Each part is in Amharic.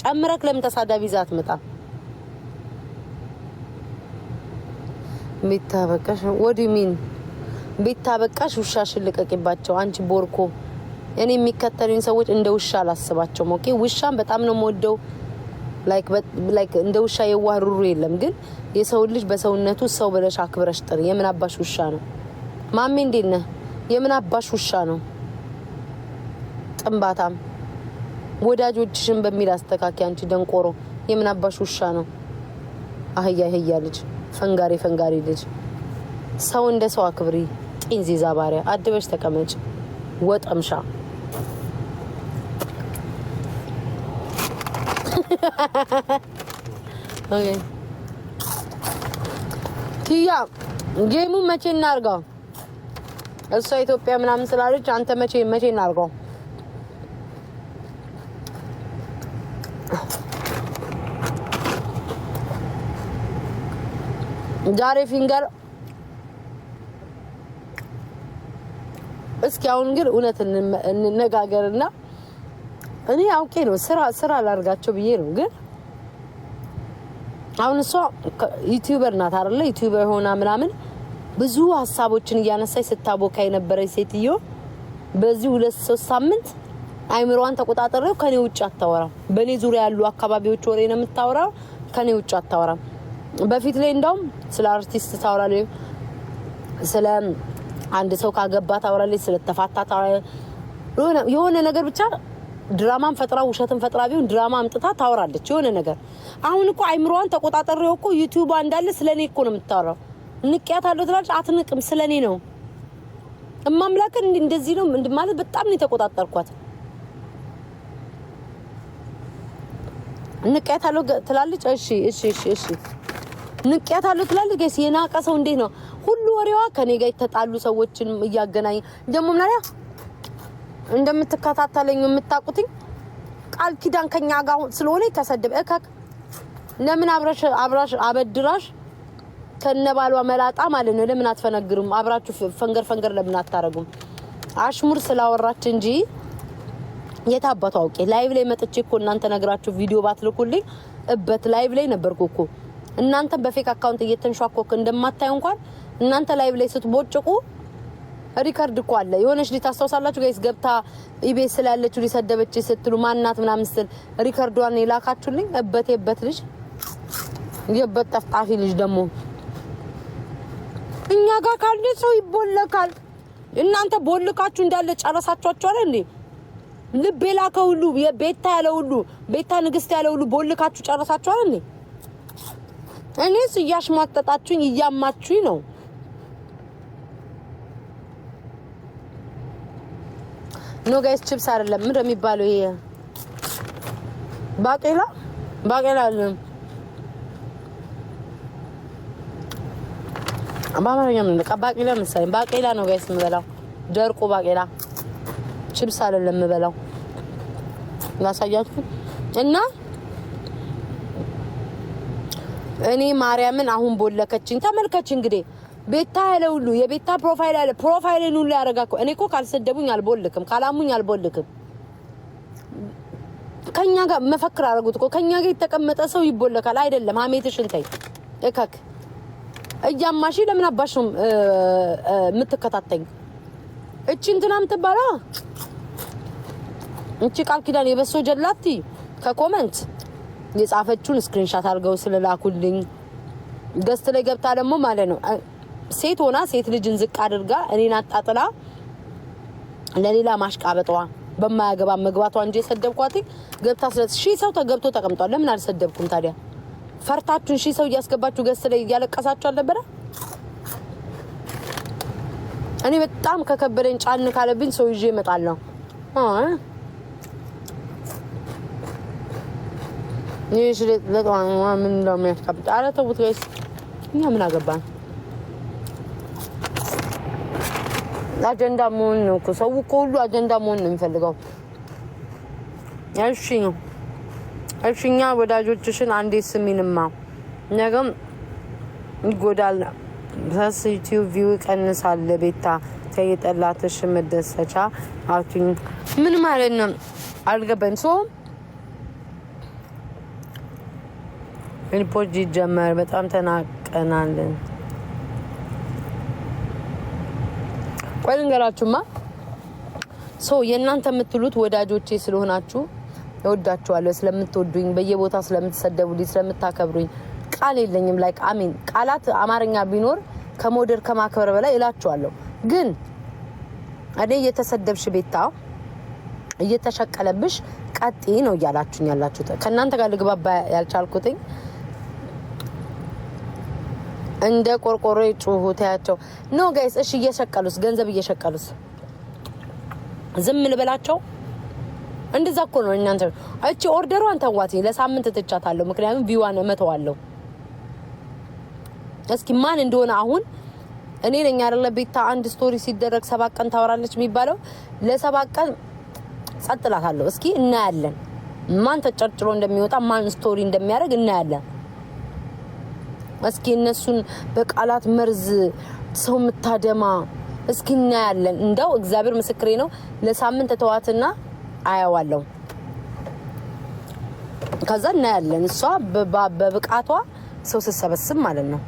ጨምረክ ለምን ተሳዳቢ ይዛ መጣ? ቤታ በቃሽ ወዲ ሚን ቤታ በቃሽ። ውሻሽን ልቀቂባቸው አንቺ ቦርኮ። እኔ የሚከተሉኝ ሰዎች እንደ ውሻ አላስባቸውም። ኦኬ ውሻን በጣም ነው የምወደው። ላይክ እንደ ውሻ የዋህ ሩሩ የለም፣ ግን የሰው ልጅ በሰውነቱ ሰው ብለሽ አክብረሽ ጥሪ። የምን አባሽ ውሻ ነው? ማሜ እንዴት ነህ? የምን አባሽ ውሻ ነው? ጥንባታም ወዳጆችሽን በሚል አስተካኪ። አንቺ ደንቆሮ የምን አባሽ ውሻ ነው? አህያ አህያ ልጅ፣ ፈንጋሪ ፈንጋሪ ልጅ። ሰው እንደ ሰው አክብሪ። ዚዛ ባሪያ አድበሽ ተቀመጭ። ወጠምሻ ኪያ ጌሙ መቼ እናርጋው? እሷ ኢትዮጵያ ምናምን ስላለች አንተ መቼ መቼ እናርጋው? ዛሬ ፊንገር እስኪ አሁን ግን እውነት እንነጋገርና እኔ አውቄ ነው ስራ ስራ ላርጋቸው ብዬ ነው። ግን አሁን እሷ ዩቲዩበር ናት አይደለ? ዩቲዩበር ሆና ምናምን ብዙ ሀሳቦችን እያነሳች ስታቦካ የነበረች ሴትዮ በዚህ ሁለት ሶስት ሳምንት አይምሮዋን ተቆጣጠረው። ከኔ ውጭ አታወራም። በእኔ ዙሪያ ያሉ አካባቢዎች ወሬ ነው የምታወራው። ከኔ ውጭ አታወራም። በፊት ላይ እንዳውም ስለ አርቲስት ታወራለች፣ ስለ አንድ ሰው ካገባ ታወራለች፣ ተፋታ ታወራለች። የሆነ ነገር ብቻ ድራማን ፈጥራ ውሸትን ፈጥራ ቢሆን ድራማ አምጥታ ታወራለች የሆነ ነገር። አሁን እኮ አይምሮዋን ተቆጣጠሪ እኮ ዩቲዩብ እንዳለ ስለ እኔ እኮ ነው የምታወራው። ንቅያት አለው ትላለች፣ አትንቅም። ስለ እኔ ነው እማምላክን እንደዚህ ነው እንድ ማለት በጣም ነው የተቆጣጠርኳት። ንቅያት አለው ትላለች። እሺ እሺ እሺ እሺ ንቄያታለሁ ትላለህ። ጋይስ የናቀ ሰው እንዴት ነው? ሁሉ ወሬዋ ከኔ ጋር የተጣሉ ሰዎችን እያገናኝ ደግሞ ምናሪያ እንደምትከታተለኝ የምታውቁትኝ ቃል ኪዳን ከኛ ጋር ስለሆነ ተሰደበ እከክ ለምን አብራሽ አብራሽ አበድራሽ ከነባሏ መላጣ ማለት ነው። ለምን አትፈነግሩም? አብራችሁ ፈንገር ፈንገር ለምን አታረጉም? አሽሙር ስላወራች እንጂ የታባቱ አውቄ ላይቭ ላይ መጥቼ እኮ እናንተ ነግራችሁ ቪዲዮ ባትልኩልኝ እበት ላይቭ ላይ ነበርኩ እኮ እናንተ በፌክ አካውንት እየተንሸዋኮክ እንደማታዩ እንኳን እናንተ ላይቭ ላይ ስትቦጭቁ ሪከርድ እኮ አለ። የሆነች ልጅ ታስታውሳላችሁ ጋይስ ገብታ ኢቤ ስላለችሁ ሊሰደበች ስትሉ ማናት ምናምን ስትል ሪከርዷን የላካችሁልኝ እበት የበት ልጅ የበት ጠፍጣፊ ልጅ ደግሞ እኛ ጋር ካለ ሰው ይቦለካል። እናንተ ቦልካችሁ እንዳለ አለ እንዴ? ልብ የላከ ሁሉ የቤታ ያለ ሁሉ ቤታ ንግስት ያለ ሁሉ ቦልካችሁ ጨረሳችኋል እንዴ? እኔስ እያሽሟጠጣችሁኝ እያማችሁኝ ነው። ኖ ጋይስ ቺፕስ አይደለም ምንድን የሚባለው? ይሄ ባቄላ ባቄላ አይደለም። በአማርኛ ምን በቃ ባቄላ መሰለኝ። ባቄላ ነው ጋይስ የምበላው፣ ደርቆ ባቄላ። ቺፕስ አይደለም የምበላው ላሳያችሁ እና እኔ ማርያምን አሁን ቦለከችኝ። ተመልከች እንግዲህ ቤታ ያለ ሁሉ የቤታ ፕሮፋይል ያለ ፕሮፋይልን ሁሉ ያደረጋኩ እኔ እኮ ካልሰደቡኝ አልቦልክም፣ ካላሙኝ አልቦልክም። ከኛ ጋር መፈክር አደረጉት እኮ ከኛ ጋር የተቀመጠ ሰው ይቦለካል። አይደለም ሀሜትሽን ተይ እከክ እያማሽ ለምን አባሽ ነው የምትከታተኝ? እቺ እንትና ምትባላ እቺ ቃል ኪዳን የበሶ ጀላቲ ከኮመንት የጻፈችውን ስክሪንሻት አድርገው ስለላኩልኝ ገስት ላይ ገብታ ደግሞ ማለት ነው ሴት ሆና ሴት ልጅን ዝቅ አድርጋ እኔን አጣጥላ ለሌላ ማሽቃበጧ በማያገባ መግባቷ እንጂ የሰደብኳት ገብታ ስለ ሺህ ሰው ተገብቶ ተቀምጧል። ለምን አልሰደብኩም ታዲያ? ፈርታችሁን ሺህ ሰው እያስገባችሁ ገስት ላይ እያለቀሳችሁ አልነበረ? እኔ በጣም ከከበደኝ ጫን ካለብኝ ሰው ይዤ እመጣለሁ። ይህ ስለጥለቅ ምን እንደሚያስቀምጥ አረ ተውት ጋይስ፣ እኛ ምን አገባን? አጀንዳ መሆን ነው እኮ ሰው እኮ ሁሉ አጀንዳ መሆን ነው የሚፈልገው። እሺ ነው እሺ። እኛ ወዳጆችሽን አንዴ ስሚንማ ነገም ይጎዳል። ፕረስ ዩቲዩብ ቪው ቀንሳለ። ቤታ ከየጠላትሽ መደሰቻ አቱኝ ምን ማለት ነው አልገባኝ ሶ ሪፖርት ይጀመር። በጣም ተናቀናለን። ቆይ ልንገራችሁማ ሰው የእናንተ የምትሉት ወዳጆቼ ስለሆናችሁ እወዳችኋለሁ። ስለምትወዱኝ፣ በየቦታ ስለምትሰደቡልኝ፣ ስለምታከብሩኝ ቃል የለኝም። ላይ አሜን ቃላት አማርኛ ቢኖር ከመውደድ ከማክበር በላይ እላችኋለሁ። ግን እኔ እየተሰደብሽ ቤታ እየተሸቀለብሽ ቀጥ ነው እያላችሁኝ ያላችሁት ከእናንተ ጋር ልግባባ ያልቻልኩትኝ እንደ ቆርቆሮ ይጩሁ ታያቸው። ኖ ጋይስ፣ እሺ እየሸቀሉስ ገንዘብ እየሸቀሉስ ዝም ልበላቸው? እንደዛ እኮ ነው። እናንተ እቺ ኦርደሯን ተዋት፣ ለሳምንት ትቻታለሁ። ምክንያቱም ቢዋን እመተዋለሁ። እስኪ ማን እንደሆነ አሁን እኔ ነኝ አይደለ? ቤታ አንድ ስቶሪ ሲደረግ ሰባት ቀን ታወራለች የሚባለው ለሰባት ቀን ጸጥ እስኪ እናያለን ማን ተጨርጭሮ እንደሚወጣ ማን ስቶሪ እንደሚያደርግ እናያለን። እስኪ እነሱን በቃላት መርዝ ሰው የምታደማ እስኪ እናያለን። እንደው እግዚአብሔር ምስክሬ ነው። ለሳምንት ተዋትና አያዋለሁ። ከዛ እናያለን። እሷ በብቃቷ ሰው ስትሰበስብ ማለት ነው።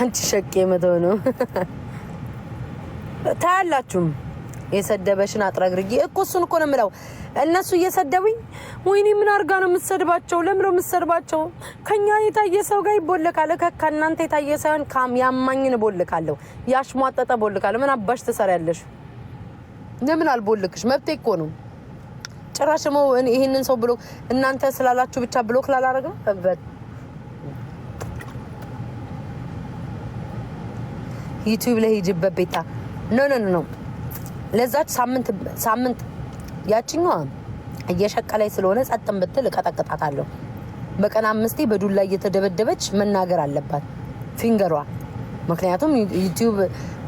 አንቺ ሸቄ መተው ነው ታያላችሁም። የሰደበሽን አጥረግርጌ እኮ እሱን እኮ ነው የምለው። እነሱ እየሰደቡኝ ወይኔ ምን አርጋ ነው የምትሰድባቸው? ለምን ነው የምትሰድባቸው ከኛ የታየ ሰው ጋር ይቦልካል። ከእናንተ የታየ ሳይሆን ያማኝን እቦልካለሁ፣ ያሽሟጠጠ እቦልካለሁ። ምን አባሽ ትሰሪያለሽ? ለምን አልቦልክሽ? መብቴ እኮ ነው። ጭራሽ ሞ ይህንን ሰው ብሎ እናንተ ስላላችሁ ብቻ ብሎክ ላላረግ ነው ዩቲዩብ ላይ ሂጅበት ቤታ ኖ ኖ ኖ ለዛች ሳምንት ሳምንት ያችኛዋ ላይ ስለሆነ ጸጥን ብትል እቀጠቅጣታለሁ። በቀን አምስቴ በዱላ እየተደበደበች መናገር አለባት ፊንገሯ። ምክንያቱም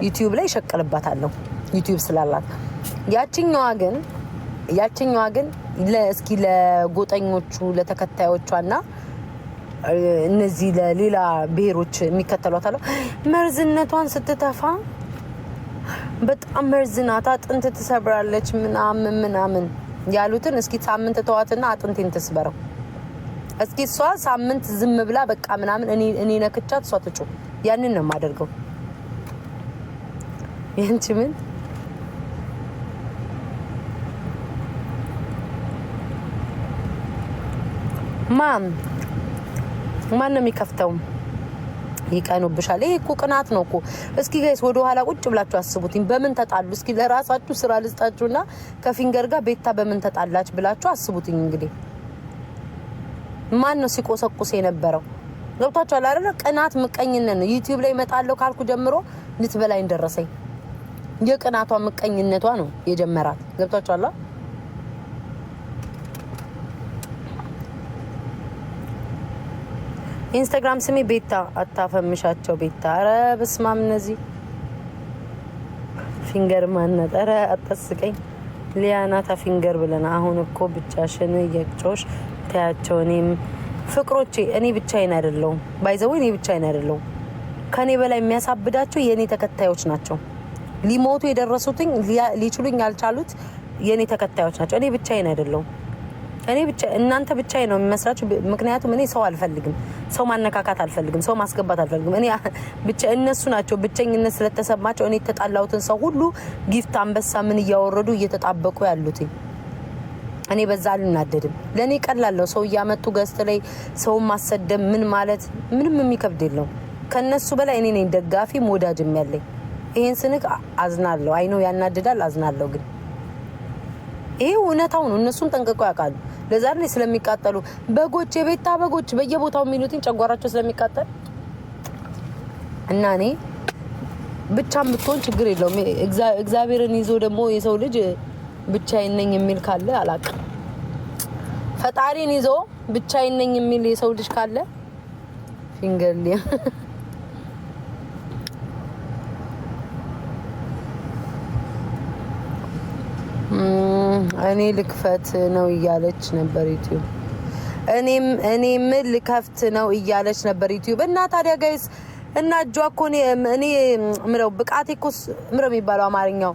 ዩቲዩብ ላይ ይሸቀልባታለሁ ዩቲዩብ ስላላት። ያችኛዋ ግን ያችኛዋ ግን እስኪ ለጎጠኞቹ ለተከታዮቿና እነዚህ ለሌላ ብሔሮች የሚከተሏት አለው መርዝነቷን ስትተፋ በጣም መርዝናት አጥንት ትሰብራለች ምናምን ምናምን ያሉትን እስኪ ሳምንት ተዋትና አጥንቴን ትስበረው እስኪ እሷ ሳምንት ዝም ብላ በቃ ምናምን እኔ ነክቻት እሷ ትጩ ያንን ነው የማደርገው። ይህንቺ ምን ማን ማን ነው የሚከፍተው? ይቀኑብሻል። ይሄ እኮ ቅናት ነው እኮ። እስኪ ጋይስ ወደ ኋላ ቁጭ ብላችሁ አስቡትኝ። በምን ተጣሉ? እስኪ ለራሳችሁ ስራ ልስጣችሁና ከፊንገር ጋር ቤታ በምን ተጣላች ብላችሁ አስቡትኝ። እንግዲህ ማን ነው ሲቆሰቁስ የነበረው? ገብቷችኋል አይደለ? ቅናት ምቀኝነት ነው። ዩቲዩብ ላይ እመጣለሁ ካልኩ ጀምሮ ልትበላኝ ደረሰኝ። የቅናቷ ምቀኝነቷ ነው የጀመራት። ገብቷችኋል ኢንስታግራም ስሜ ቤታ አታፈምሻቸው። ቤታ ኧረ በስመ አብ እነዚህ ፊንገር ማናት? ኧረ አታስቀኝ። ሊያናታ ፊንገር ብለን አሁን እኮ ብቻሽን እየጮሽ ተያቸው። እኔም ፍቅሮቼ እኔ ብቻዬን አይደለሁም። ባይዘው እኔ ብቻዬን አይደለሁም። ከኔ በላይ የሚያሳብዳቸው የእኔ ተከታዮች ናቸው። ሊሞቱ የደረሱትኝ ሊችሉኝ ያልቻሉት የእኔ ተከታዮች ናቸው። እኔ ብቻዬን አይደለሁም። እኔ ብቻ እናንተ ብቻ ነው የሚመስላችሁ። ምክንያቱም እኔ ሰው አልፈልግም፣ ሰው ማነካካት አልፈልግም፣ ሰው ማስገባት አልፈልግም። እኔ ብቻ እነሱ ናቸው ብቸኝነት ስለተሰማቸው እኔ የተጣላሁትን ሰው ሁሉ ጊፍት፣ አንበሳ ምን እያወረዱ እየተጣበቁ ያሉትኝ እኔ በዛ አልናደድም። ለእኔ ቀላለሁ። ሰው እያመጡ ገዝት ላይ ሰውን ማሰደብ ምን ማለት ምንም የሚከብድ የለው። ከእነሱ በላይ እኔ ነኝ ደጋፊ ወዳጅም ያለኝ። ይህን ስንክ አዝናለሁ። አይነው ያናድዳል፣ አዝናለሁ። ግን ይሄ እውነታው ነው። እነሱን ጠንቅቀው ያውቃሉ። ለዛ ስለሚቃጠሉ በጎች፣ የቤታ በጎች በየቦታው የሚሉትኝ ጨጓራቸው ስለሚቃጠል እና እኔ ብቻም ብትሆን ችግር የለውም። እግዚአብሔርን ይዞ ደግሞ የሰው ልጅ ብቻዬን ነኝ የሚል ካለ አላቅም። ፈጣሪን ይዞ ብቻዬን ነኝ የሚል የሰው ልጅ ካለ ፊንገር እኔ ልክፈት ነው እያለች ነበር ዩቲዩብ። እኔም እኔ ምን ልከፍት ነው እያለች ነበር ዩቲዩብ። እና ታዲያ ጋይስ እና እጇ እኮ እኔ ምረው ብቃቴ እኮ ምረው የሚባለው አማርኛው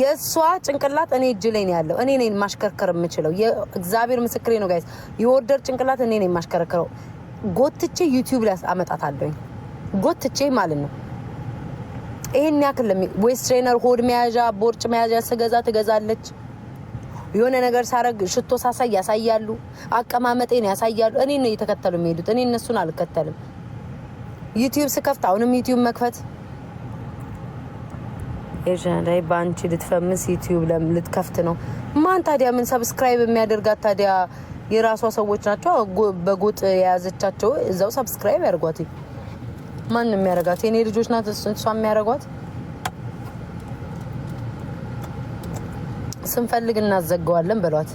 የእሷ ጭንቅላት እኔ እጅ ላይ ነው ያለው። እኔ ነኝ ማሽከርከር የምችለው። የእግዚአብሔር ምስክሬ ነው ጋይስ። የወርደር ጭንቅላት እኔ ነኝ ማሽከርከረው። ጎትቼ ዩቲዩብ ላይ አመጣት ጎትቼ ማለት ነው። ይሄን ያክል ዌስት ትሬነር ሆድ መያዣ ቦርጭ መያዣ ስገዛ ትገዛለች። የሆነ ነገር ሳረግ ሽቶ ሳሳይ ያሳያሉ፣ አቀማመጤን ያሳያሉ። እኔ ነው እየተከተሉ የሚሄዱት። እኔ እነሱን አልከተልም። ዩቲዩብ ስከፍት አሁንም ዩቲዩብ መክፈት ላይ በአንቺ ልትፈምስ ዩቲዩብ ልትከፍት ነው። ማን ታዲያ ምን ሰብስክራይብ የሚያደርጋት ታዲያ የራሷ ሰዎች ናቸው። በጎጥ የያዘቻቸው እዛው ሰብስክራይብ ያደርጓት። ማን የሚያደርጋት? የኔ ልጆች ናት እሷ የሚያደርጓት ስንፈልግ እናዘገዋለን ብሏት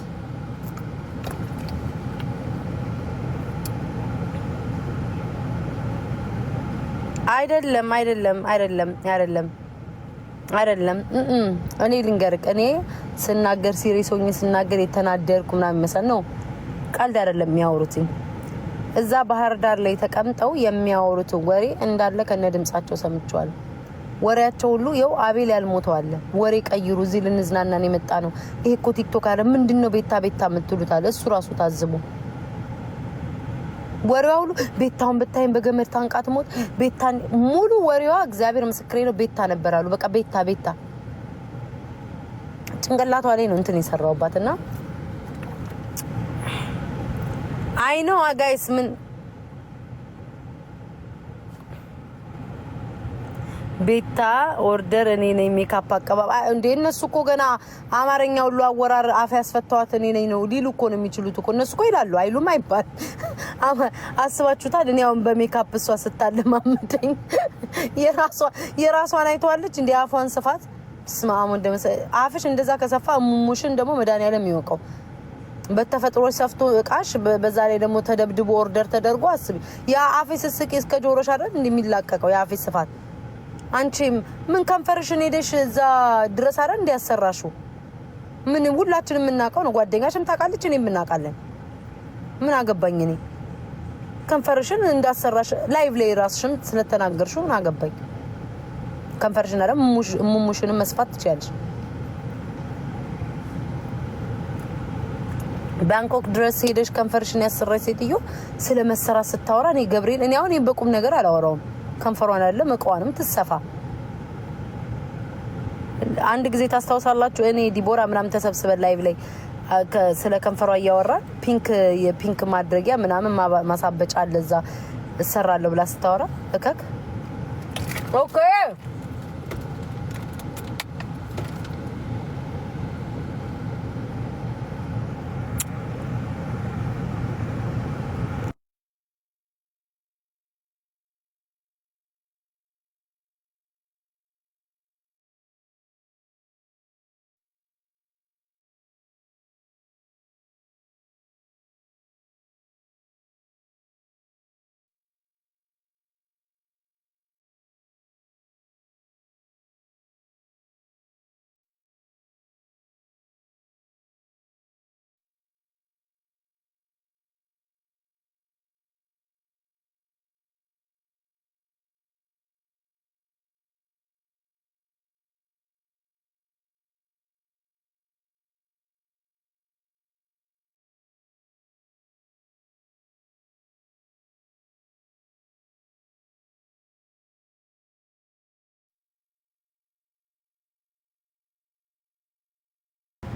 አይደለም አይደለም አይደለም አይደለም አይደለም። እኔ ልንገርቅ እኔ ስናገር ሲሪየስ ሆኜ ስናገር የተናደርኩ ምናምን መሰል ነው። ቀልድ አይደለም የሚያወሩትኝ እዛ ባህር ዳር ላይ ተቀምጠው የሚያወሩትን ወሬ እንዳለ ከነ ድምጻቸው ሰምቸዋል። ወሬያቸው ሁሉ የው አቤል ያልሞተዋለ ወሬ ቀይሩ፣ እዚህ ልንዝናናን የመጣ ነው። ይሄ እኮ ቲክቶክ አለ። ምንድን ነው ቤታ ቤታ የምትሉታል? እሱ ራሱ ታዝቡ ወሬዋ ሁሉ ቤታውን ብታይም በገመድ ታንቃት ሞት ቤታ ሙሉ ወሬዋ እግዚአብሔር ምስክሬ ነው። ቤታ ነበራሉ በቃ ቤታ ቤታ ጭንቅላቷ ላይ ነው እንትን የሰራውባት እና አይ ነው አጋይስ ምን ቤታ ኦርደር እኔ ነኝ። ሜካፕ አቀባባ እንደ እነሱ እኮ ገና አማርኛ ሁሉ አወራር አፍ ያስፈታዋት እኔ ነኝ ነው ሊሉ እኮ ነው የሚችሉት እኮ እነሱ እኮ ይላሉ። አይሉም አይባል አስባችሁታል? እኔ አሁን በሜካፕ እሷ ስታለማምደኝ የራሷን አይተዋለች። እንዲ አፏን ስፋት ስማሙ እንደመሰ አፍሽ እንደዛ ከሰፋ ሙሙሽን ደግሞ መድኃኒዓለም ይወቀው። በተፈጥሮ ሰፍቶ እቃሽ በዛ ላይ ደግሞ ተደብድቦ ኦርደር ተደርጎ አስቢ። የአፌ ስስቅ እስከ ጆሮሽ አይደል እንደሚላቀቀው የአፌ ስፋት አንቺም ምን ከንፈርሽን ሄደሽ እዛ ድረስ አረ እንዲያሰራሹ ምን ሁላችን የምናውቀው ነው። ጓደኛሽም ታውቃለች፣ እኔ የምናውቃለን። ምን አገባኝ እኔ ከንፈርሽን እንዳሰራሽ ላይቭ ላይ ራስሽም ስለተናገርሽው ምን አገባኝ። ከንፈርሽን አረ ሙሙሽንም መስፋት ትችያለሽ። ባንኮክ ድረስ ሄደሽ ከንፈርሽን ያሰራሽ ሴትዮ ስለ መሰራት ስታወራ እኔ ገብርኤል እኔ አሁን በቁም ነገር አላወራውም። ከንፈሯን አይደለም እቃዋንም ትሰፋ። አንድ ጊዜ ታስታውሳላችሁ፣ እኔ ዲቦራ ምናምን ተሰብስበን ላይቭ ላይ ስለ ከንፈሯ እያወራን ፒንክ የፒንክ ማድረጊያ ምናምን ማሳበጫ አለ እዛ እሰራለሁ ብላ ስታወራ እከክ ኦኬ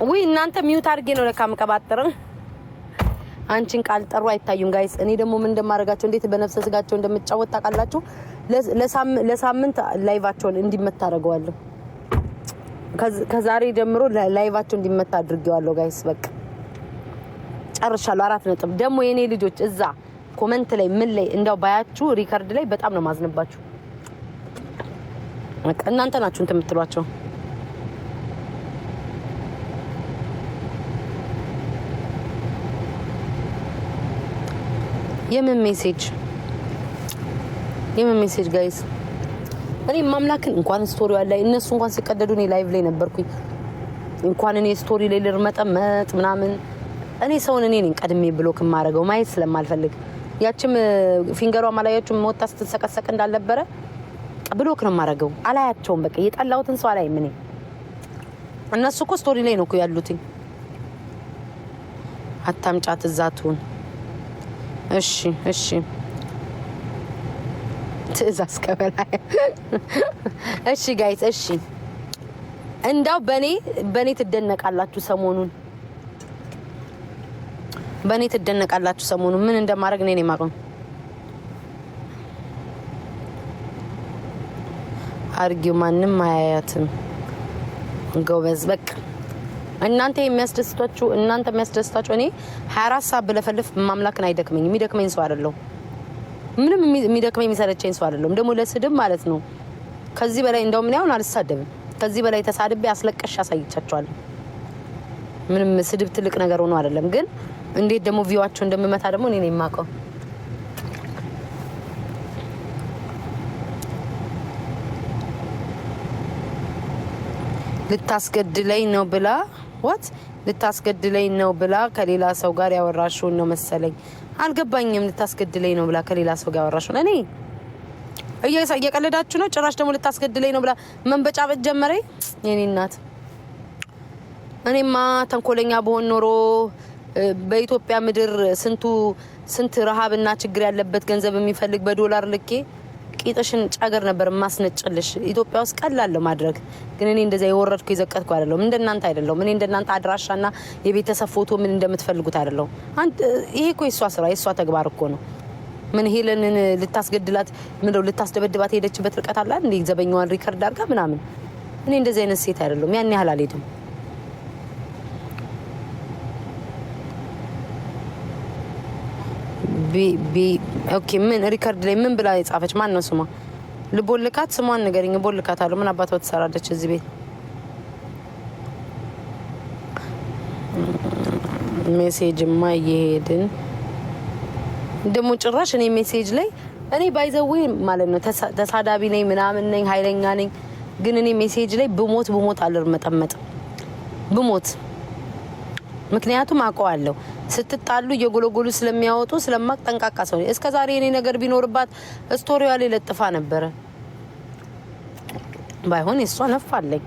ውይ እናንተ ሚውት አድርጌ ነው ለካ የምቀባጥረው። አንቺን ቃል ጠሩ አይታዩም ጋይስ። እኔ ደግሞ ምን እንደማደርጋቸው እንዴት በነፍሰ ስጋቸው እንደምጫወት ታውቃላችሁ። ለሳምንት ላይቫቸውን እንዲመታ አደርገዋለሁ። ከዛሬ ጀምሮ ላይቫቸው እንዲመታ አድርጌዋለሁ ጋይስ። በቃ ጨርሻለሁ። አራት ነጥብ ደግሞ የእኔ ልጆች እዛ ኮመንት ላይ ምን ላይ እንዳው ባያችሁ ሪከርድ ላይ በጣም ነው ማዝንባችሁ። እናንተ ናችሁ እንትን የምትሏቸው የምን ሜሴጅ የምን ሜሴጅ ጋይስ እኔ ማምላክን እንኳን ስቶሪ ላይ እነሱ እንኳን ሲቀደዱ እኔ ላይቭ ላይ ነበርኩኝ። እንኳን እኔ ስቶሪ ላይ ልርመጠመጥ ምናምን እኔ ሰውን እኔ ነኝ ቀድሜ ብሎክ የማደርገው ማየት ስለማልፈልግ ያችም ፊንገሯ ማላያችሁም ወጣ ስትሰቀሰቅ እንዳልነበረ ብሎክ ነው የማደርገው። አላያቸውም። በቃ የጠላሁትን ሰው አላይም እኔ። እነሱ እኮ ስቶሪ ላይ ነው እኮ ያሉትኝ። አታምጫት እዛቱን እሺ እሺ ትእዛዝ ከበላይ እሺ ጋይስ እሺ እንዳው በኔ በኔ ትደነቃላችሁ ሰሞኑን በኔ ትደነቃላችሁ ሰሞኑን ምን እንደማድረግ እኔ የማውቀው አርጊው ማንም አያያትም ጎበዝ በቃ እናንተ የሚያስደስታችሁ እናንተ የሚያስደስታችሁ እኔ 24 ሰዓት ብለፈልፍ ማምላክን አይደክመኝ። የሚደክመኝ ሰው አይደለሁ። ምንም የሚደክመኝ የሚሰለቸኝ ሰው አይደለሁም። ደግሞ ለስድብ ማለት ነው። ከዚህ በላይ እንደው ምን ያሁን አልሳደብም። ከዚህ በላይ ተሳድቤ አስለቀሽ አሳይቻቸዋለሁ። ምንም ስድብ ትልቅ ነገር ሆኖ አይደለም። ግን እንዴት ደግሞ ቪዋቸው እንደምመታ ደግሞ እኔ ነው የማውቀው። ልታስገድለኝ ነው ብላ ዋት ልታስገድለኝ ነው ብላ ከሌላ ሰው ጋር ያወራሽውን ነው መሰለኝ። አልገባኝም። ልታስገድለኝ ነው ብላ ከሌላ ሰው ጋር ያወራሽውን እኔ እየቀለዳችሁ ነው። ጭራሽ ደግሞ ልታስገድለኝ ነው ብላ መንበጫበጭ ጀመረ። የኔ እናት እኔማ ተንኮለኛ በሆን ኖሮ በኢትዮጵያ ምድር ስንቱ ስንት ረሃብና ችግር ያለበት ገንዘብ የሚፈልግ በዶላር ልኬ ቂጥሽን ጫገር ነበር ማስነጭልሽ። ኢትዮጵያ ውስጥ ቀላል ማድረግ ግን እኔ እንደዚያ የወረድኩ የዘቀጥኩ አይደለሁም። እንደናንተ አይደለሁም። እኔ እንደናንተ አድራሻና የቤተሰብ ፎቶ ምን እንደምትፈልጉት አይደለሁም። ይሄ እኮ የእሷ ስራ የእሷ ተግባር እኮ ነው። ምን ሄለንን ልታስገድላት ምንው ልታስደበድባት የሄደችበት ርቀት አለ እንዴ? ዘበኛዋን ሪከርድ አድርጋ ምናምን። እኔ እንደዚህ አይነት ሴት አይደለሁም። ያን ያህል አልሄድም። ኦኬ ምን ሪከርድ ላይ ምን ብላ የጻፈች? ማን ነው ስሟ? ልቦልካት ስሟን ንገሪኝ። ልቦልካት አሉ። ምን አባቷ ትሰራለች እዚህ ቤት? ሜሴጅማ እየሄድን ደግሞ ጭራሽ እኔ ሜሴጅ ላይ እኔ ባይዘዌ ማለት ነው ተሳዳቢ ነኝ ምናምን ነኝ ኃይለኛ ነኝ። ግን እኔ ሜሴጅ ላይ ብሞት ብሞት አልርመጠመጥም ብሞት ምክንያቱም አውቀዋለሁ ስትጣሉ እየጎለጎሉ ስለሚያወጡ ስለማቅ ጠንቃቃ ሰው እስከ ዛሬ እኔ ነገር ቢኖርባት ስቶሪዋ ላይ ለጥፋ ነበረ። ባይሆን የእሷ ነፋለኝ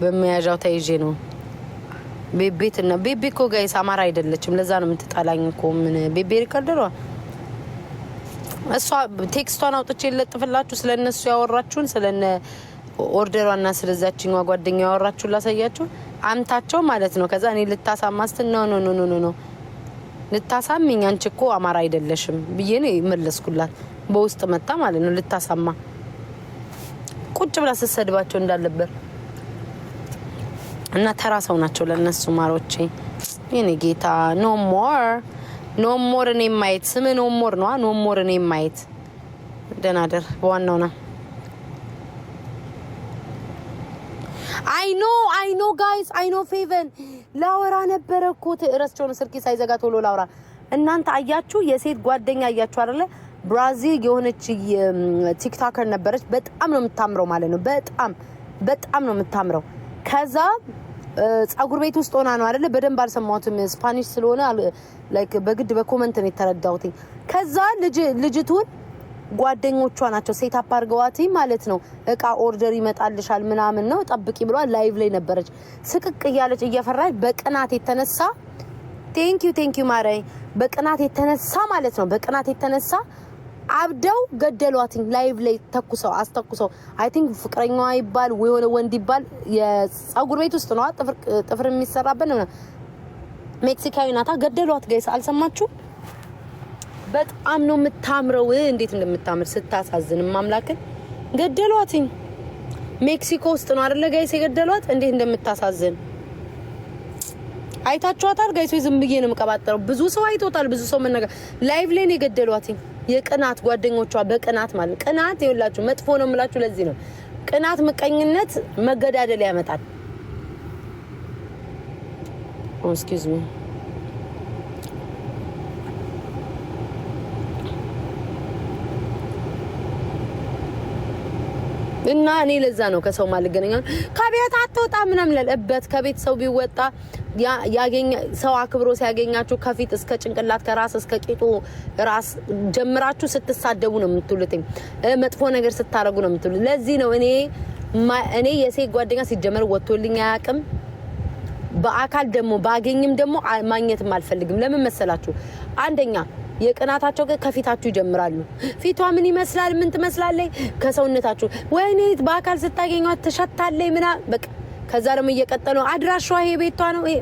በመያዣው ተይዤ ነው። ቤቤት እና ቤቤ እኮ ጋይስ አማራ አይደለችም። ለዛ ነው የምትጣላኝ እኮ ምን ቤቤ ሪከርደሯ እሷ ቴክስቷን አውጥቼ የለጥፍላችሁ ስለ እነሱ ያወራችሁን ኦርደሯ ኦርደሯና ስለዛችኛ ጓደኛ ያወራችሁን ላሳያችሁ። አምታቸው ማለት ነው። ከዛ እኔ ልታሳማስት ነው ነው ነው ነው ነው ልታሳምኝ አንቺ እኮ አማራ አይደለሽም ብዬ ነው መለስኩላት። በውስጥ መጣ ማለት ነው ልታሳማ ቁጭ ብላ ስትሰድባቸው እንዳለበት እና ተራ ሰው ናቸው ለእነሱ ማሮቼ። የኔ ጌታ ኖ ሞር ኖ ሞር እኔ ማየት ስም ኖ ሞር ነዋ። ኖ ሞር እኔ ማየት ደናደር በዋናው ና አይ ኖ አይኖ ጋይስ አይኖ ፌቨን ላወራ ነበረ እኮ ረስቸው ነው ስልኬ ሳይዘጋ ቶሎ ላውራ። እናንተ አያችሁ፣ የሴት ጓደኛ አያችሁ አይደለ? ብራዚል የሆነች ቲክታከር ነበረች። በጣም ነው የምታምረው ማለት ነው። በጣም በጣም ነው የምታምረው። ከዛ ጸጉር ቤት ውስጥ ሆና ነው አይደለ? በደንብ አልሰማሁትም ስፓኒሽ ስለሆነ ላይክ በግድ በኮመንት ነው የተረዳሁትኝ። ከዛ ልጅ ልጅቱን ጓደኞቿ ናቸው ሴት አፕ ማለት ነው። እቃ ኦርደር ይመጣልሻል ምናምን ነው ጠብቂ ብሏል። ላይቭ ላይ ነበረች ስቅቅ እያለች እየፈራች በቅናት የተነሳ ቴንኪዩ ቴንኪዩ ማረኝ በቅናት የተነሳ ማለት ነው። በቅናት የተነሳ አብደው ገደሏትኝ። ላይቭ ላይ ተኩሰው አስተኩሰው አይ ቲንክ ፍቅረኛዋ ይባል የሆነ ወንድ ይባል የጸጉር ቤት ውስጥ ነዋ ጥፍር የሚሰራበት ነው። ሜክሲካዊ ናታ። ገደሏት። ጋይስ አልሰማችሁም? በጣም ነው የምታምረው። እንዴት እንደምታምር ስታሳዝን ማምላክን ገደሏትኝ። ሜክሲኮ ውስጥ ነው አይደለ ጋይስ የገደሏት። እንዴት እንደምታሳዝን አይታችኋታል ጋይስ? ወይ ዝም ብዬ ነው የምቀባጠረው። ብዙ ሰው አይቶታል። ብዙ ሰው መነገር ላይቭ ላይን የገደሏትኝ የቅናት ጓደኞቿ በቅናት ማለት ቅናት ይኸውላችሁ መጥፎ ነው የምላችሁ ለዚህ ነው ቅናት ምቀኝነት መገዳደል ያመጣል። ኤክስኪውዝ oh, ሚ እና እኔ ለዛ ነው ከሰው ማልገናኛ ከቤት አትወጣ ምናምን ለበት ከቤት ሰው ቢወጣ ያገኘ ሰው አክብሮ ሲያገኛችሁ ከፊት እስከ ጭንቅላት ከራስ እስከ ቂጡ ራስ ጀምራችሁ ስትሳደቡ ነው የምትሉት። መጥፎ ነገር ስታረጉ ነው የምትሉት። ለዚህ ነው እኔ እኔ የሴት ጓደኛ ሲጀመር ወጥቶልኝ አያውቅም። በአካል ደግሞ ባገኝም ደግሞ ማግኘትም አልፈልግም። ለምን መሰላችሁ? አንደኛ የቅናታቸው ግን ከፊታችሁ ይጀምራሉ። ፊቷ ምን ይመስላል? ምን ትመስላለች? ከሰውነታችሁ ወይኔ በአካል ስታገኘት ትሸታለች ምና በቃ ከዛ ደግሞ እየቀጠለው አድራሿ ይሄ ቤቷ ነው። ይሄ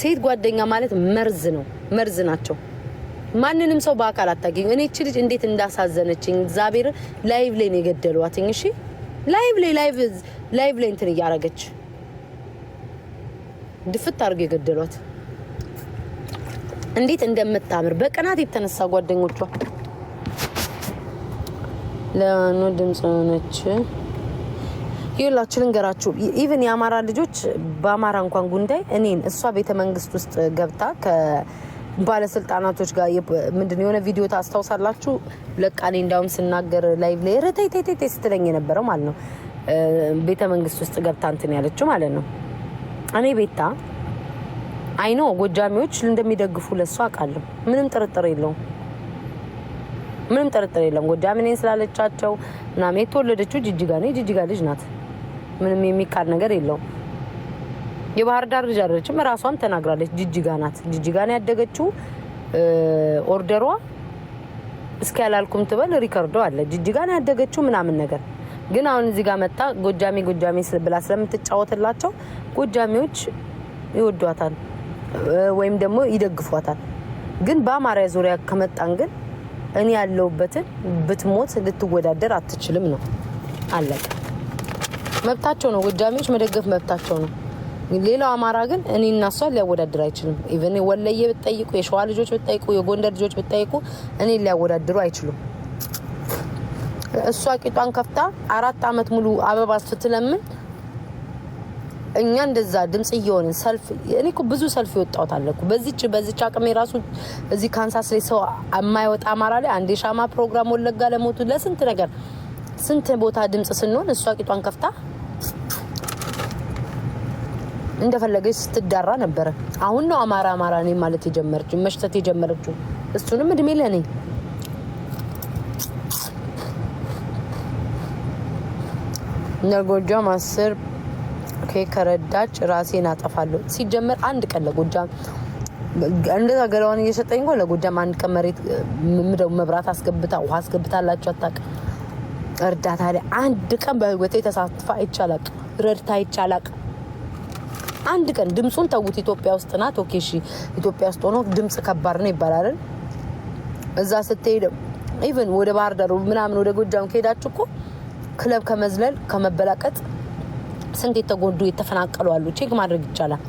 ሴት ጓደኛ ማለት መርዝ ነው፣ መርዝ ናቸው። ማንንም ሰው በአካል አታገኙ። እኔ እቺ ልጅ እንዴት እንዳሳዘነችኝ እግዚአብሔር። ላይቭ ላይ ነው የገደሏትኝ። እሺ ላይቭ ላይ ላይቭ ላይ እንትን እያረገች ድፍት አድርገው የገደሏት እንዴት እንደምታምር በቅናት የተነሳ ጓደኞቿ ለኑ ድምጽ ነች። ይኸውላችሁ ልንገራችሁ፣ ኢቨን የአማራ ልጆች በአማራ እንኳን ጉዳይ እኔን እሷ ቤተ መንግስት ውስጥ ገብታ ከባለስልጣናቶች ጋር ምንድን የሆነ ቪዲዮ ታስታውሳላችሁ? ለቃኔ እንዳውም ስናገር ላይቭ ላይ ረተይተይተይ ስትለኝ የነበረው ማለት ነው። ቤተ መንግስት ውስጥ ገብታ እንትን ያለችው ማለት ነው። እኔ ቤታ አይኖ ጎጃሚዎች እንደሚደግፉ ለሱ አውቃለሁ። ምንም ጥርጥር የለውም። ምንም ጥርጥር የለም። ጎጃሜ ነኝ ስላለቻቸው ምናምን የተወለደችው ጅጅጋ ነው። የጅጅጋ ልጅ ናት። ምንም የሚካድ ነገር የለውም። የባህር ዳር ልጅ አይደለችም። ራሷም ተናግራለች። ጅጅጋ ናት። ጅጅጋ ነው ያደገችው። ኦርደሯ እስኪ ያላልኩም ትበል ሪከርዶ አለ። ጅጅጋ ነው ያደገችው ምናምን ነገር ግን አሁን እዚህ ጋር መጣ ጎጃሜ ጎጃሜ ብላ ስለምትጫወትላቸው ጎጃሜዎች ይወዷታል። ወይም ደግሞ ይደግፏታል። ግን በአማራ ዙሪያ ከመጣን ግን እኔ ያለሁበትን ብትሞት ልትወዳደር አትችልም ነው አለቀ። መብታቸው ነው፣ ጎጃሚዎች መደገፍ መብታቸው ነው። ሌላው አማራ ግን እኔ እና ሊያወዳድር አይችልም። ኢቨን ወለየ ብትጠይቁ፣ የሸዋ ልጆች ብትጠይቁ፣ የጎንደር ልጆች ብትጠይቁ እኔ ሊያወዳድሩ አይችሉም። እሷ ቂጧን ከፍታ አራት አመት ሙሉ አበባ ስትለምን እኛ እንደዛ ድምጽ እየሆንን ሰልፍ እኔ እኮ ብዙ ሰልፍ የወጣሁት አለ እኮ በዚች በዚች አቅሜ ራሱ እዚህ ካንሳስ ላይ ሰው የማይወጣ አማራ ላይ አንድ የሻማ ፕሮግራም ወለጋ ለሞቱ ለስንት ነገር ስንት ቦታ ድምጽ ስንሆን እሷ ቂጧን ከፍታ እንደፈለገች ስትዳራ ነበረ። አሁን ነው አማራ አማራ ነኝ ማለት የጀመረችው መሽተት የጀመረችው። እሱንም እድሜ ለኔ እነ ጎጃም አስር ከረዳች ራሴን አጠፋለሁ። ሲጀመር አንድ ቀን ለጎጃም እንደዛ ገለዋን እየሰጠኝ ለጎጃም አንድ ቀን መሬት ምደው መብራት አስገብታ ውሃ አስገብታላቸው አታውቅም። እርዳታ ላይ አንድ ቀን በህይወቴ ተሳትፋ አይቻላቅ ረድታ አይቻላቅ። አንድ ቀን ድምፁን ተዉት። ኢትዮጵያ ውስጥ ናት። ኦኬ እሺ፣ ኢትዮጵያ ውስጥ ሆኖ ድምፅ ከባድ ነው ይባላልን? እዛ ስትሄድ ኢቨን ወደ ባህር ዳር ምናምን ወደ ጎጃም ከሄዳችሁ እኮ ክለብ ከመዝለል ከመበላቀጥ ስንት የተጎዱ የተፈናቀሉ አሉ። ቼክ ማድረግ ይቻላል።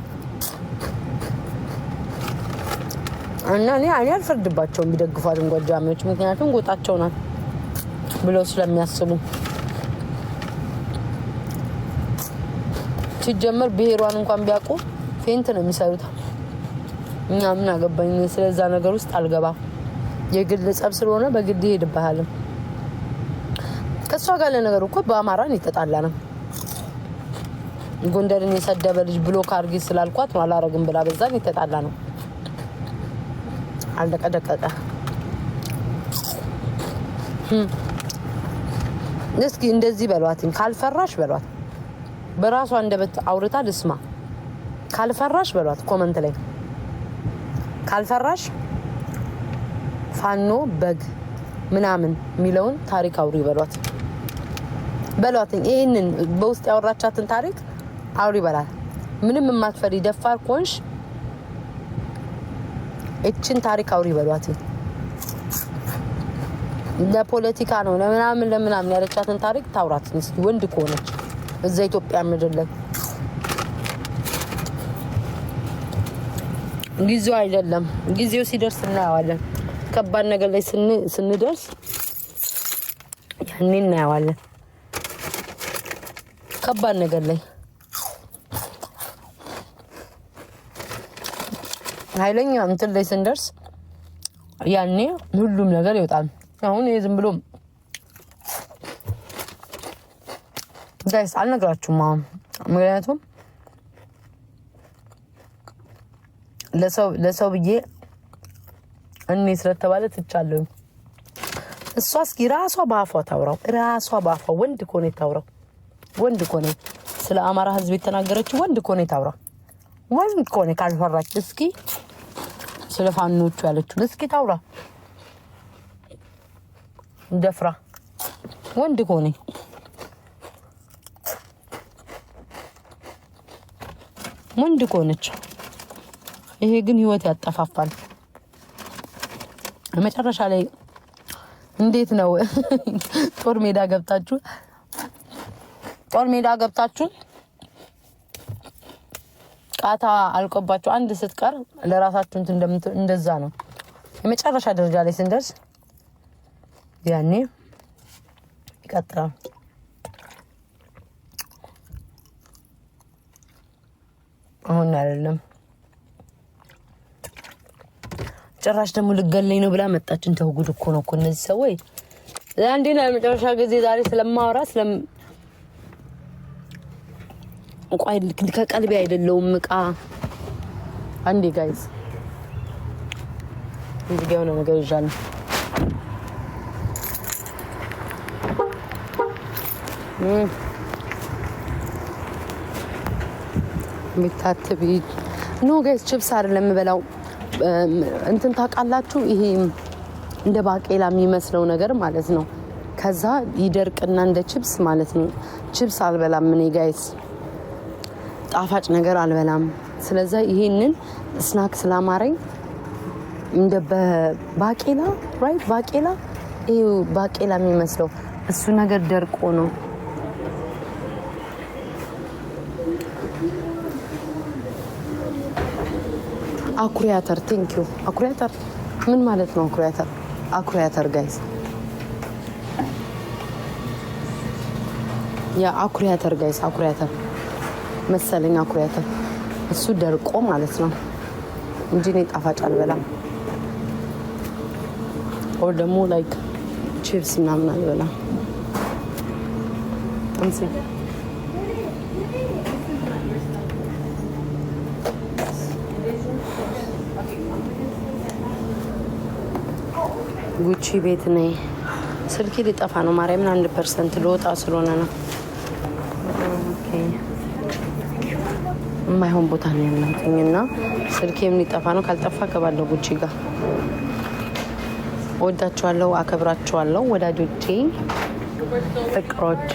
እና እኔ እኔ አልፈርድባቸውም ቢደግፏትም ጎጃሚዎች፣ ምክንያቱም ጎጣቸው ናት ብለው ስለሚያስቡ ሲጀመር ብሔሯን እንኳን ቢያውቁ ፌንት ነው የሚሰሩት። እኛ ምን አገባኝ? ስለዛ ነገር ውስጥ አልገባ የግል ጸብ ስለሆነ በግል ይሄድባሃልም። ከእሷ ጋር ለነገሩ እኮ በአማራን የተጣላ ነው። ጎንደርን የሰደበ ልጅ ብሎክ አድርጊ ስላልኳት ነው አላረግም ብላ በዛን የተጣላ ነው። አልደቀደቀቀ እስኪ እንደዚህ በሏትኝ። ካልፈራሽ በሏት። በራሷ አንደበት አውርታ ልስማ። ካልፈራሽ በሏት ኮመንት ላይ ካልፈራሽ ፋኖ በግ ምናምን የሚለውን ታሪክ አውሪ በሏት በሏትኝ። ይህንን በውስጥ ያወራቻትን ታሪክ አውሪ ይበላል። ምንም የማትፈሪ ደፋር ኮንሽ እችን ታሪክ አውሪ ይበሏት። ለፖለቲካ ነው ለምናምን ለምናምን ያለቻትን ታሪክ ታውራት እስኪ ወንድ ከሆነች እዛ ኢትዮጵያ ምድር ላይ ጊዜው አይደለም። ጊዜው ሲደርስ እናየዋለን። ከባድ ነገር ላይ ስንደርስ ያኔ እናየዋለን። ከባድ ነገር ላይ ኃይለኛ እንትን ላይ ስንደርስ ያኔ ሁሉም ነገር ይወጣል። አሁን ይሄ ዝም ብሎ ጋይስ አልነግራችሁም። አሁን ምክንያቱም ለሰው ብዬ እኔ ስለተባለ ትቻለሁ። እሷ እስኪ ራሷ በአፏ ታውራው፣ ራሷ በአፏ ወንድ ኮኔ ታውራው፣ ወንድ ኮኔ ስለ አማራ ሕዝብ የተናገረችው ወንድ ኮኔ ታውራው፣ ወንድ ኮኔ ካልፈራች እስኪ ስለ ፋኖቹ ያለችውን እስኪ ታውራ ደፍራ ወንድ ከሆነ ወንድ ከሆነች። ይሄ ግን ህይወት ያጠፋፋል። መጨረሻ ላይ እንዴት ነው ጦር ሜዳ ገብታችሁ ጦር ሜዳ ገብታችሁ ጣታ አልቆባቸው አንድ ስትቀር ለራሳችሁ እንትን እንደምትሉ እንደዛ ነው። የመጨረሻ ደረጃ ላይ ስንደርስ ያኔ ይቀጥላል። አሁን አይደለም። ጭራሽ ደግሞ ልገለኝ ነው ብላ መጣችን። ተውጉድ እኮ ነው እኮ እነዚህ ሰዎች ለአንዴና የመጨረሻ ጊዜ ዛሬ ስለማወራ ቆይ ከቀልቤ አይደለውም እቃ አንዴ ጋይዝ እዚህ ጋር የሆነ ነገር ይዣለሁ። ሚታትብ ኖ ጋይዝ ችፕስ አይደለም የምበላው። እንትን ታውቃላችሁ፣ ይሄ እንደ ባቄላ የሚመስለው ነገር ማለት ነው። ከዛ ይደርቅና እንደ ችፕስ ማለት ነው። ችብስ አልበላም እኔ ጋይዝ ጣፋጭ ነገር አልበላም። ስለዚ ይሄንን ስናክ ስላማረኝ እንደ ባቄላ ራይት ባቄላ ባቄላ የሚመስለው እሱ ነገር ደርቆ ነው። አኩሪያተር ቴንክ ዩ አኩሪያተር ምን ማለት ነው? አኩሪያተር አኩሪያተር ጋይዝ ያ አኩሪያተር ጋይዝ አኩሪያተር መሰለኝ አኩሪያተን እሱ ደርቆ ማለት ነው እንጂ እኔ ጣፋጭ አልበላም። ኦር ደግሞ ላይክ ቺፕስ ምናምን አልበላም። ጉቺ ቤት ነኝ። ስልኬ ሊጠፋ ነው ማርያምን። አንድ ፐርሰንት ልወጣ ስለሆነ ነው የማይሆን ቦታ ነው ያለሁትኝ እና ስልኬ የሚጠፋ ነው ካልጠፋ ከባለው ጉቺ ጋር ወዳችኋለሁ፣ አከብራችኋለሁ ወዳጆቼ ፍቅሮቼ።